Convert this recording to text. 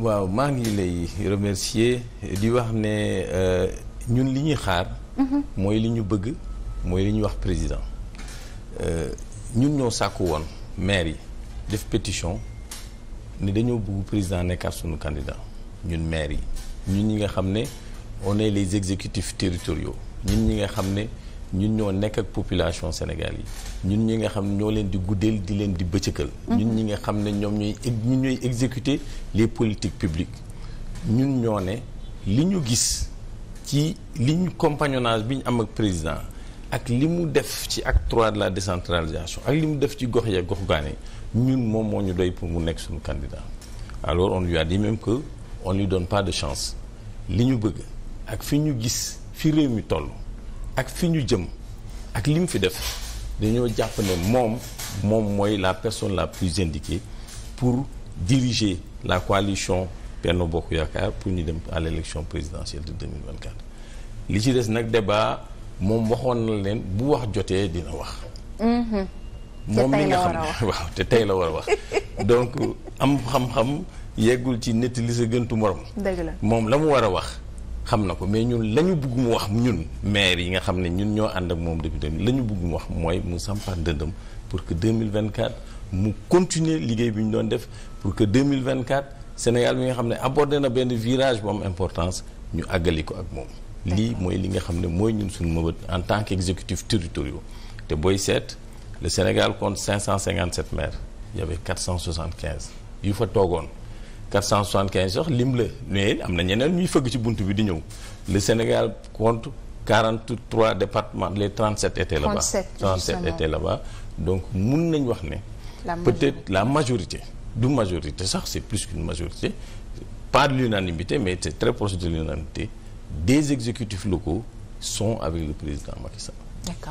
waaw maa ngi lay remercier di wax ne euh, ñun li ñuy xaar. Mhm. mooy li ñu bëgg mooy li ñuy wax président euh, ñun ñoo sàkku woon maire yi def pétition ni dañoo bëgg président nekkaat suñu candidat ñun maire yi ñun ñi nga xam ne on est les exécutifs territoriaux ñun ñi nga xam ne. ñun ñoo nekk ak population Sénégal yi ñun ñi nga xam ne ñoo leen di guddeel di leen di bëccëgal. Mhm. ñun ñi nga xam ne ñoom ñooy ñun ñooy exécuter les politiques publiques ñun ñoo ne li ñu gis ci li ñu compagnonnage bi ñu am ak président ak li mu def ci ak trois de la décentralisation ak li mu def ci gox ya gox gaane ñun moom moo ñu doy pour mu nekk suñu candidat alors on lui a dit même que on lui donne pas de chance li ñu bëgg ak fi ñu gis fi réew mi toll ak fi ñu jëm ak li mu fi def dañoo jàpp ne moom moom mooy la personne la plus indiquée pour diriger la coalition Benno Bokk Yaakaar pour ñu dem à l'élection présidentielle de 2024 li ci des nag débat moom waxoon na leen bu wax jotee dina wax mhm. moom mi nga xam waaw te tey la war a wax donc am xam-xam yeggul ci nettali sa gëntu morom moom la mu war a wax xam na ko mais ñun la ñu bëgg mu wax ñun maire yi nga xam ne ñun ñoo ànd ak moom depuis deux la ñu bëgg mu wax mooy mu sampaat dëndam pour que 2024 mu continuer liggéey bi ñu doon def pour que 2024 Sénégal bi nga xam ne abordé na benn virage bu am importance ñu àggali ko ak moom. lii mooy li nga xam ne mooy ñun suñu mëbët en tant que qu'exécutif territoriaux te booy seet le Sénégal compte maire maires il y avait 475 yu fa toogoon. 475 sax lim la mais am na ñeneen ñuy fëgg ci bunt bi di ñëw le Sénégal compte 43 départements les 37 étaient là-bas. 37 37 étaient là-bas donc mun nañ wax ne. peut-être la majorité du majorité sax c'est plus qu'une majorité pas de l'unanimité mais c'est très proche de l'unanimité des exécutifs locaux sont avec le président Macky Sall.